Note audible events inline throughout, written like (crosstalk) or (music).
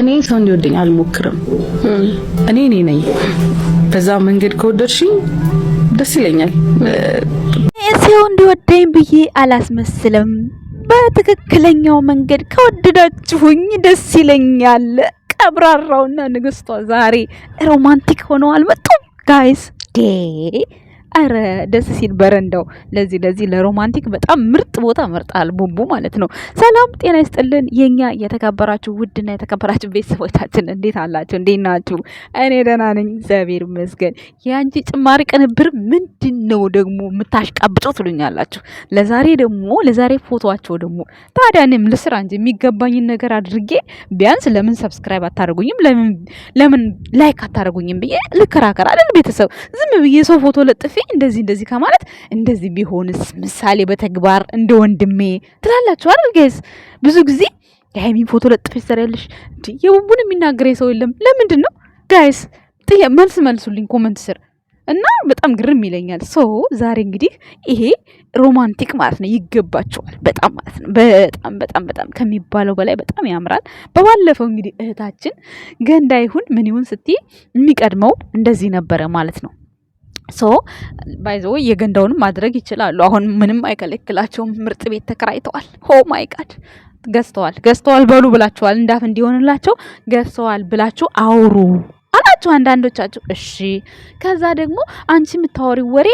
እኔ ሰው እንዲወደኝ አልሞክርም። እኔ እኔ ነኝ። በዛ መንገድ ከወደድሽኝ ደስ ይለኛል። ሰው እንዲወደኝ ብዬ አላስመስልም። በትክክለኛው መንገድ ከወደዳችሁኝ ደስ ይለኛል። ቀብራራውና ንግስቷ ዛሬ ሮማንቲክ ሆነው አልመጡም ጋይስ ዴ ኧረ ደስ ሲል በረንዳው ለዚህ ለዚህ ለሮማንቲክ በጣም ምርጥ ቦታ መርጣል ቡቡ ማለት ነው። ሰላም ጤና ይስጥልን የኛ የተከበራችሁ ውድና የተከበራችሁ ቤተሰቦቻችን እንዴት አላችሁ? እንዴት ናችሁ? እኔ ደህና ነኝ፣ እግዚአብሔር ይመስገን። የአንቺ ጭማሪ ቅንብር ምንድን ነው ደግሞ የምታሽቃብጠው ትሉኛላችሁ። ለዛሬ ደግሞ ለዛሬ ፎቶዋቸው ደግሞ ታዲያ እኔም ልስራ እንጂ የሚገባኝን ነገር አድርጌ ቢያንስ ለምን ሰብስክራይብ አታደርጉኝም፣ ለምን ላይክ አታደርጉኝም ብዬ ልከራከር አይደል? ቤተሰብ ዝም ብዬ ሰው ፎቶ ለጥፌ እንደዚህ እንደዚህ ከማለት እንደዚህ ቢሆንስ ምሳሌ በተግባር እንደ ወንድሜ ትላላችሁ አይደል? ጋይስ ብዙ ጊዜ የሀይሚን ፎቶ ለጥፈሽ ትሰሪያለሽ፣ የቡቡን የሚናገረኝ ሰው የለም። ለምንድን ነው ጋይስ? መልስ መልሱልኝ ኮመንት ስር እና በጣም ግርም ይለኛል። ሶ ዛሬ እንግዲህ ይሄ ሮማንቲክ ማለት ነው ይገባቸዋል። በጣም ማለት ነው በጣም በጣም በጣም ከሚባለው በላይ በጣም ያምራል። በባለፈው እንግዲህ እህታችን ገንዳ ይሁን ምን ይሁን ስትይ የሚቀድመው እንደዚህ ነበረ ማለት ነው። ሶ ባይዘው የገንዳውንም ማድረግ ይችላሉ። አሁን ምንም አይከለክላቸውም። ምርጥ ቤት ተከራይተዋል። ሆ ማይ ጋድ ገዝተዋል ገዝተዋል በሉ ብላችኋል። እንዳፍ እንዲሆንላቸው ገዝተዋል ብላችሁ አውሩ። አላችሁ አንዳንዶቻችሁ። እሺ ከዛ ደግሞ አንቺ የምታወሪ ወሬ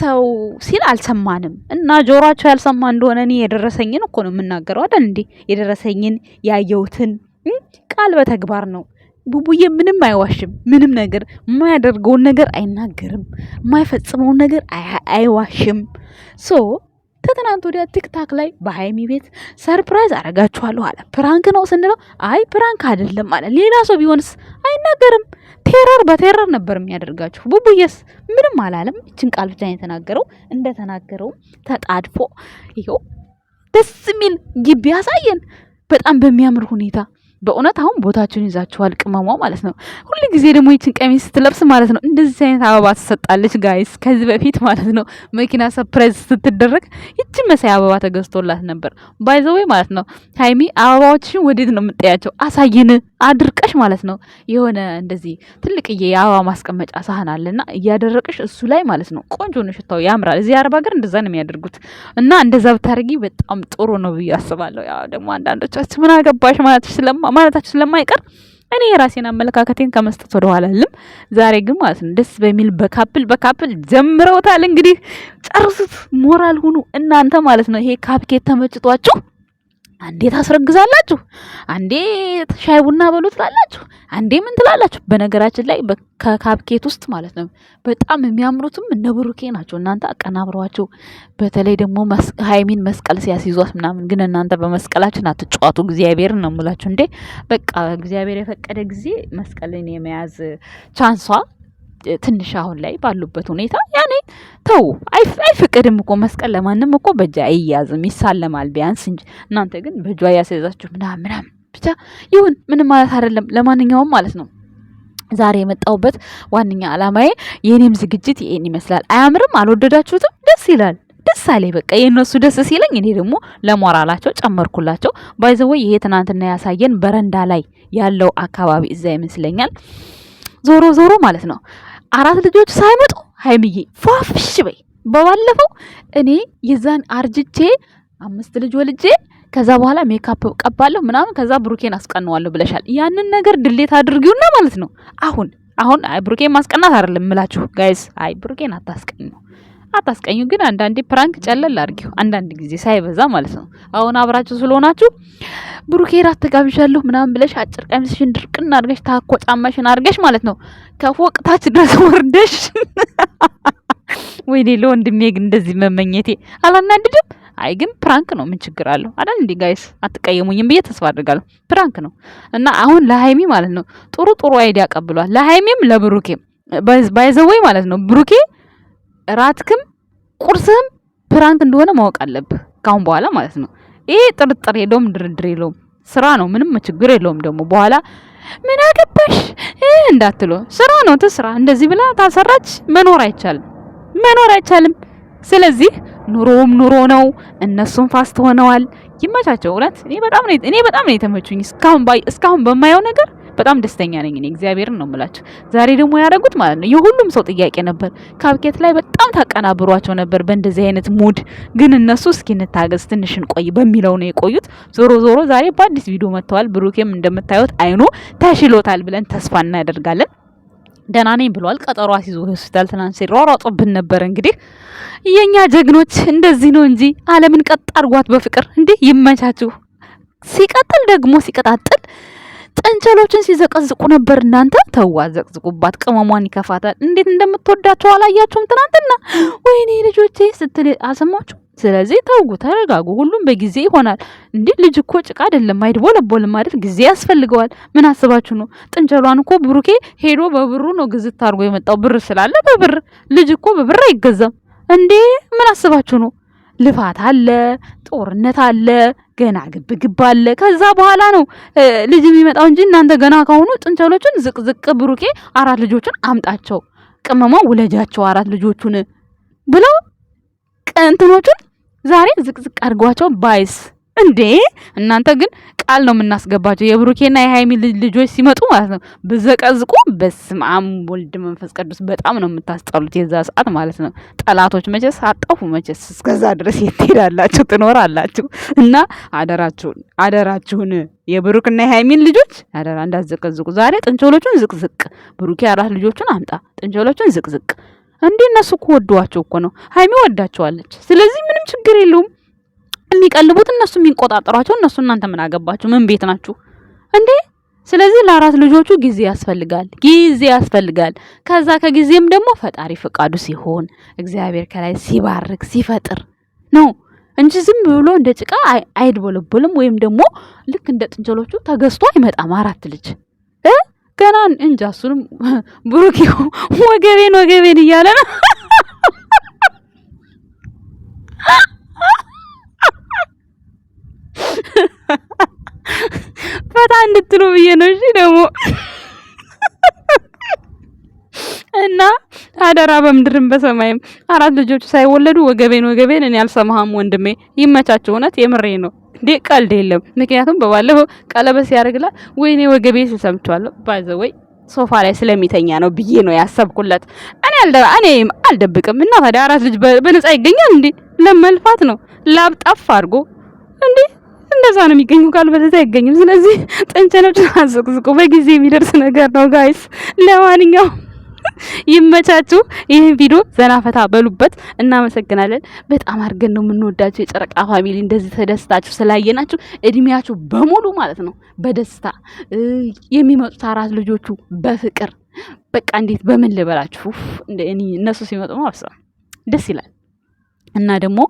ሰው ሲል አልሰማንም እና ጆሯቸው ያልሰማ እንደሆነ እኔ የደረሰኝን እኮ ነው የምናገረው አይደል እንዴ? የደረሰኝን ያየሁትን ቃል በተግባር ነው። ቡቡዬ ምንም አይዋሽም። ምንም ነገር የማያደርገውን ነገር አይናገርም። የማይፈጽመውን ነገር አይዋሽም። ሶ ከትናንት ወዲያ ቲክታክ ላይ በሀይሚ ቤት ሰርፕራይዝ አረጋችኋለሁ አለ። ፕራንክ ነው ስንለው አይ ፕራንክ አይደለም አለ። ሌላ ሰው ቢሆንስ አይናገርም። ቴረር በቴረር ነበር የሚያደርጋችሁ። ቡቡየስ ምንም አላለም። እችን ቃል ብቻ የተናገረው እንደተናገረው ተጣድፎ ይኸው ደስ የሚል ግቢ ያሳየን በጣም በሚያምር ሁኔታ። በእውነት አሁን ቦታችሁን ይዛችኋል። ቅመሟ ማለት ነው። ሁሉ ጊዜ ደግሞ ይችን ቀሚስ ስትለብስ ማለት ነው እንደዚህ አይነት አበባ ትሰጣለች። ጋይስ ከዚህ በፊት ማለት ነው መኪና ሰፕራይዝ ስትደረግ ይችን መሳይ አበባ ተገዝቶላት ነበር። ባይዘዌ ማለት ነው። ሀይሚ አበባዎችሽን ወዴት ነው የምጠያቸው? አሳይን አድርቀሽ ማለት ነው። የሆነ እንደዚህ ትልቅዬ የአበባ ማስቀመጫ ሳህን አለና እያደረቅሽ እሱ ላይ ማለት ነው። ቆንጆ ነው፣ ሽታው ያምራል። እዚህ አረብ ሀገር እንደዛ ነው የሚያደርጉት እና እንደዛ ብታደርጊ በጣም ጥሩ ነው ብዬ አስባለሁ። ያው ደግሞ አንዳንዶቻችሁ ምን አገባሽ ማለታችሁ ስለማይቀር እኔ የራሴን አመለካከቴን ከመስጠት ወደ ኋላ ልም ዛሬ ግን ማለት ነው ደስ በሚል በካፕል በካፕል ጀምረውታል። እንግዲህ ጨርሱት፣ ሞራል ሁኑ እናንተ ማለት ነው። ይሄ ካፕኬት ተመጭጧችሁ አንዴ ታስረግዛላችሁ፣ አንዴ ሻይ ቡና በሉ ትላላችሁ፣ አንዴ ምን ትላላችሁ። በነገራችን ላይ ከካፕኬት ውስጥ ማለት ነው በጣም የሚያምሩትም እነ ብሩኬ ናቸው። እናንተ አቀናብሯቸው። በተለይ ደግሞ ሀይሚን መስቀል ሲያስይዟት ምናምን፣ ግን እናንተ በመስቀላችን አትጫዋቱ። እግዚአብሔር ነው ሙላችሁ እንዴ። በቃ እግዚአብሔር የፈቀደ ጊዜ መስቀልን የመያዝ ቻንሷ ትንሽ አሁን ላይ ባሉበት ሁኔታ ተው፣ አይፈቀድም እኮ መስቀል ለማንም እኮ በእጅ አይያዝም፣ ይሳለማል ቢያንስ እንጂ። እናንተ ግን በእጇ ያስያዛችሁ ምናምን ምናምን። ብቻ ይሁን ምንም ማለት አይደለም። ለማንኛውም ማለት ነው ዛሬ የመጣሁበት ዋነኛ ዓላማዬ የኔም ዝግጅት ይሄን ይመስላል። አያምርም? አልወደዳችሁትም? ደስ ይላል። ደስ አለኝ። በቃ የእነሱ ደስ ሲለኝ እኔ ደግሞ ለሞራላቸው ጨመርኩላቸው። ባይዘወይ ይሄ ትናንትና ያሳየን በረንዳ ላይ ያለው አካባቢ እዛ ይመስለኛል። ዞሮ ዞሮ ማለት ነው አራት ልጆች ሳይመጡ ሀይምዬ ፏፍሽ በይ። በባለፈው እኔ የዛን አርጅቼ አምስት ልጅ ወልጄ ከዛ በኋላ ሜካፕ ቀባለሁ ምናምን ከዛ ብሩኬን አስቀነዋለሁ ብለሻል። ያንን ነገር ድሌት አድርጊውና ማለት ነው አሁን አሁን ብሩኬን ማስቀናት አይደለም ምላችሁ ጋይስ፣ አይ ብሩኬን አታስቀኝ ነው አታስቀኙ። ግን አንዳንዴ ፕራንክ ጨለል አድርጊው፣ አንዳንድ ጊዜ ሳይበዛ ማለት ነው። አሁን አብራችሁ ስለሆናችሁ ብሩኬራ አትጋብዣለሁ ምናምን ብለሽ አጭር ቀሚስሽን ድርቅና አድርገሽ ታኮ ጫማሽን አድርገሽ ማለት ነው ከፎቅ ታች ድረስ ወርደሽ (laughs) ወይኔ ሌሎ ወንድሜ ግን እንደዚህ መመኘቴ አላናድድም። አይ ግን ፕራንክ ነው፣ ምን ችግር አለው? አዳን እንዲ ጋይስ አትቀየሙኝም ብዬ ተስፋ አድርጋለሁ። ፕራንክ ነው እና አሁን ለሀይሚ ማለት ነው ጥሩ ጥሩ አይዲያ ቀብሏል። ለሀይሚም ለብሩኬም ባይዘወይ ማለት ነው ብሩኬ እራትክም ቁርስህም ፕራንክ እንደሆነ ማወቅ አለብህ ካሁን በኋላ ማለት ነው። ይሄ ጥርጥር የለውም፣ ድርድር የለውም፣ ስራ ነው። ምንም ችግር የለውም። ደግሞ በኋላ ምን አገባሽ እንዳትሎ ስራ ነው ትስራ። እንደዚህ ብላ ታሰራች መኖር አይቻልም፣ መኖር አይቻልም። ስለዚህ ኑሮውም ኑሮ ነው። እነሱም ፋስት ሆነዋል። ይመቻቸው። እውነት እኔ በጣም ነው እኔ በጣም ነው የተመቹኝ እስካሁን እስካሁን በማየው ነገር በጣም ደስተኛ ነኝ እኔ እግዚአብሔርን ነው ምላችሁ ዛሬ ደግሞ ያደረጉት ማለት ነው የሁሉም ሰው ጥያቄ ነበር። ካብኬት ላይ በጣም ታቀናብሯቸው ነበር በእንደዚህ አይነት ሙድ። ግን እነሱ እስኪ እንታገዝ ትንሽ እንቆይ በሚለው ነው የቆዩት። ዞሮ ዞሮ ዛሬ በአዲስ ቪዲዮ መጥተዋል። ብሩኬም እንደምታዩት አይኑ ተሽሎታል ብለን ተስፋ እናደርጋለን። ደህና ነኝ ብሏል። ቀጠሮ አስይዞ ሆስፒታል ትናንት ሲሯሯጡብን ነበር። እንግዲህ የኛ ጀግኖች እንደዚህ ነው እንጂ ዓለምን ቀጥ አድርጓት በፍቅር እንዲህ ይመቻችሁ። ሲቀጥል ደግሞ ሲቀጣጥል ጠንቸሎችን ሲዘቀዝቁ ነበር። እናንተ ተዋ፣ ዘቅዝቁባት፣ ቅመሟን ይከፋታል። እንዴት እንደምትወዳቸው አላያችሁም? ትናንትና ወይኔ ልጆቼ ስትል አልሰማችሁ? ስለዚህ ተውጉ፣ ተረጋጉ። ሁሉም በጊዜ ይሆናል። እንዲህ ልጅ እኮ ጭቃ አይደለም፣ አይድቦለቦልም አይደል? ጊዜ ያስፈልገዋል። ምን አስባችሁ ነው? ጥንቸሏን እኮ ብሩኬ ሄዶ በብሩ ነው ግዝት አድርጎ የመጣው። ብር ስላለ በብር ልጅ እኮ በብር አይገዛም እንዴ! ምን አስባችሁ ነው? ልፋት አለ፣ ጦርነት አለ፣ ገና ግብ ግብ አለ። ከዛ በኋላ ነው ልጅ የሚመጣው እንጂ እናንተ ገና ከሆኑ ጥንቸሎቹን ዝቅዝቅ ብሩኬ አራት ልጆቹን አምጣቸው፣ ቅመሟ ውለጃቸው አራት ልጆቹን ብለው ቀንትኖቹን ዛሬ ዝቅዝቅ አድርጓቸው ባይስ እንዴ! እናንተ ግን ቃል ነው የምናስገባቸው። የብሩኬና የሀይሚ ልጆች ሲመጡ ማለት ነው ብዘቀዝቁ፣ በስመ አብ ወልድ መንፈስ ቅዱስ። በጣም ነው የምታስጠሉት የዛ ሰዓት ማለት ነው። ጠላቶች መቼስ አጠፉ። መቼስ እስከዛ ድረስ የትሄዳላችሁ ትኖራላችሁ። እና አደራችሁን አደራችሁን የብሩክና የሀይሚን ልጆች አደራ እንዳዘቀዝቁ። ዛሬ ጥንቸሎቹን ዝቅዝቅ፣ ብሩኬ አራት ልጆቹን አምጣ፣ ጥንቸሎቹን ዝቅዝቅ እንዴ እነሱ እኮ ወዷቸው እኮ ነው። ሀይሚ ወዳቸዋለች። ስለዚህ ምንም ችግር የለውም። የሚቀልቡት እነሱ የሚንቆጣጠሯቸው እነሱ እናንተ ምን አገባችሁ? ምን ቤት ናችሁ እንዴ? ስለዚህ ለአራት ልጆቹ ጊዜ ያስፈልጋል፣ ጊዜ ያስፈልጋል። ከዛ ከጊዜም ደግሞ ፈጣሪ ፈቃዱ ሲሆን እግዚአብሔር ከላይ ሲባርክ ሲፈጥር ነው እንጂ ዝም ብሎ እንደ ጭቃ አይድበለበልም። ወይም ደግሞ ልክ እንደ ጥንቸሎቹ ተገዝቶ አይመጣም። አራት ልጅ ገና እንጃ። እሱንም (laughs) ብሩክ ወገቤን ወገቤን እያለ ነው (laughs) ፈታ እንድትሉ ብዬ ነው። እሺ ደግሞ እና አደራ በምድርም በሰማይም አራት ልጆች ሳይወለዱ ወገቤን ወገቤን እኔ አልሰማህም ወንድሜ፣ ይመቻቸው። እውነት የምሬ ነው እንዴ ቀልድ የለም። ምክንያቱም በባለፈው ቀለበት ሲያደርግላ ወይኔ ወገቤ ስሰምቻለሁ ወይ ሶፋ ላይ ስለሚተኛ ነው ብዬ ነው ያሰብኩለት። እኔ አልደራ እኔም አልደብቅም። እና ታዲያ አራት ልጅ በነፃ ይገኛል እንዴ? ለመልፋት ነው ላብ ጠፍ አድርጎ እንዴ እንደዛ ነው የሚገኘው፣ ካልበለዚያ አይገኝም። ስለዚህ ጥንቸሎችን አዘቅዝቁ፣ በጊዜ የሚደርስ ነገር ነው ጋይስ። ለማንኛውም ይመቻችሁ። ይህን ቪዲዮ ዘና ፈታ በሉበት። እናመሰግናለን። በጣም አድርገን ነው የምንወዳችሁ የጨረቃ ፋሚሊ። እንደዚህ ተደስታችሁ ስላየናችሁ እድሜያችሁ በሙሉ ማለት ነው በደስታ የሚመጡት አራት ልጆቹ በፍቅር በቃ እንዴት በምን ልበላችሁ፣ እነሱ ሲመጡ ማለት ደስ ይላል። እና ደግሞ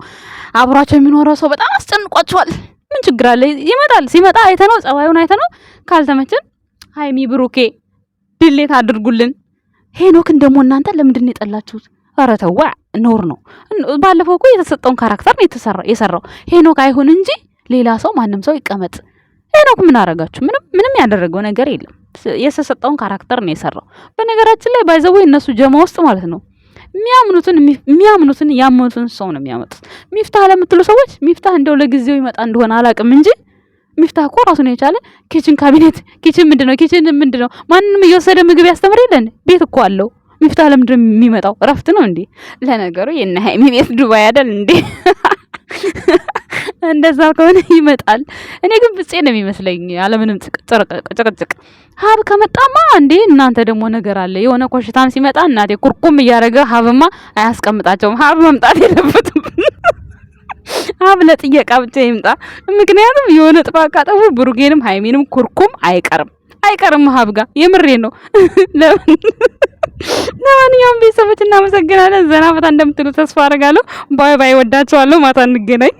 አብሯቸው የሚኖረው ሰው በጣም አስጨንቋቸዋል። ምን ችግር አለ? ይመጣል። ሲመጣ አይተነው ጸባዩን አይተነው ካልተመችን ሀይሚ ብሩኬ ድሌት አድርጉልን። ሄኖክን ደግሞ እናንተ ለምንድን የጠላችሁት? ኧረ ተዋ ኖር ነው። ባለፈው እኮ የተሰጠውን ካራክተር ነው የሰራው ሄኖክ። አይሁን እንጂ ሌላ ሰው ማንም ሰው ይቀመጥ። ሄኖክ ምን አረጋችሁ? ምንም ምንም ያደረገው ነገር የለም። የተሰጠውን ካራክተር ነው የሰራው። በነገራችን ላይ ባይዘው እነሱ ጀማ ውስጥ ማለት ነው የሚያምኑትን የሚያምኑትን ያመኑትን ሰው ነው የሚያመጡት። ሚፍታህ ለምትሉ ሰዎች ሚፍታህ እንደው ለጊዜው ይመጣ እንደሆነ አላቅም እንጂ ሚፍታህ እኮ ራሱን የቻለ ኪችን ካቢኔት፣ (laughs) ኪችን ምንድነው፣ ኪችን ነው ማንንም እየወሰደ ምግብ ያስተምር የለን ቤት እኮ አለው። ሚፍታህ ለምንድን ነው የሚመጣው? እረፍት ነው እንዴ? ለነገሩ የእነ ሀይሚ ቤት ዱባይ አይደል እንዴ? (laughs) እንደዛ ከሆነ ይመጣል። እኔ ግን ፍፄ ነው የሚመስለኝ አለምንም ጭቅጭቅ። ሀብ ከመጣማ እንዴ እናንተ ደግሞ ነገር አለ። የሆነ ኮሽታም ሲመጣ እናቴ ኩርኩም እያደረገ ሀብማ አያስቀምጣቸውም። ሀብ መምጣት የለበትም። (laughs) ሀብ ለጥየቃ ብቻ ይምጣ። ምክንያቱም የሆነ ጥፋት ካጠፉ ብሩጌንም ሀይሜንም ኩርኩም አይቀርም አይቀርም ሀብ ጋር የምሬ ነው (laughs) ለምን ለማንኛውም ቤተሰቦች እናመሰግናለን። ዘና ፈታ እንደምትሉ ተስፋ አደርጋለሁ። ባይ ባይ። ወዳችኋለሁ። ማታ እንገናኝ።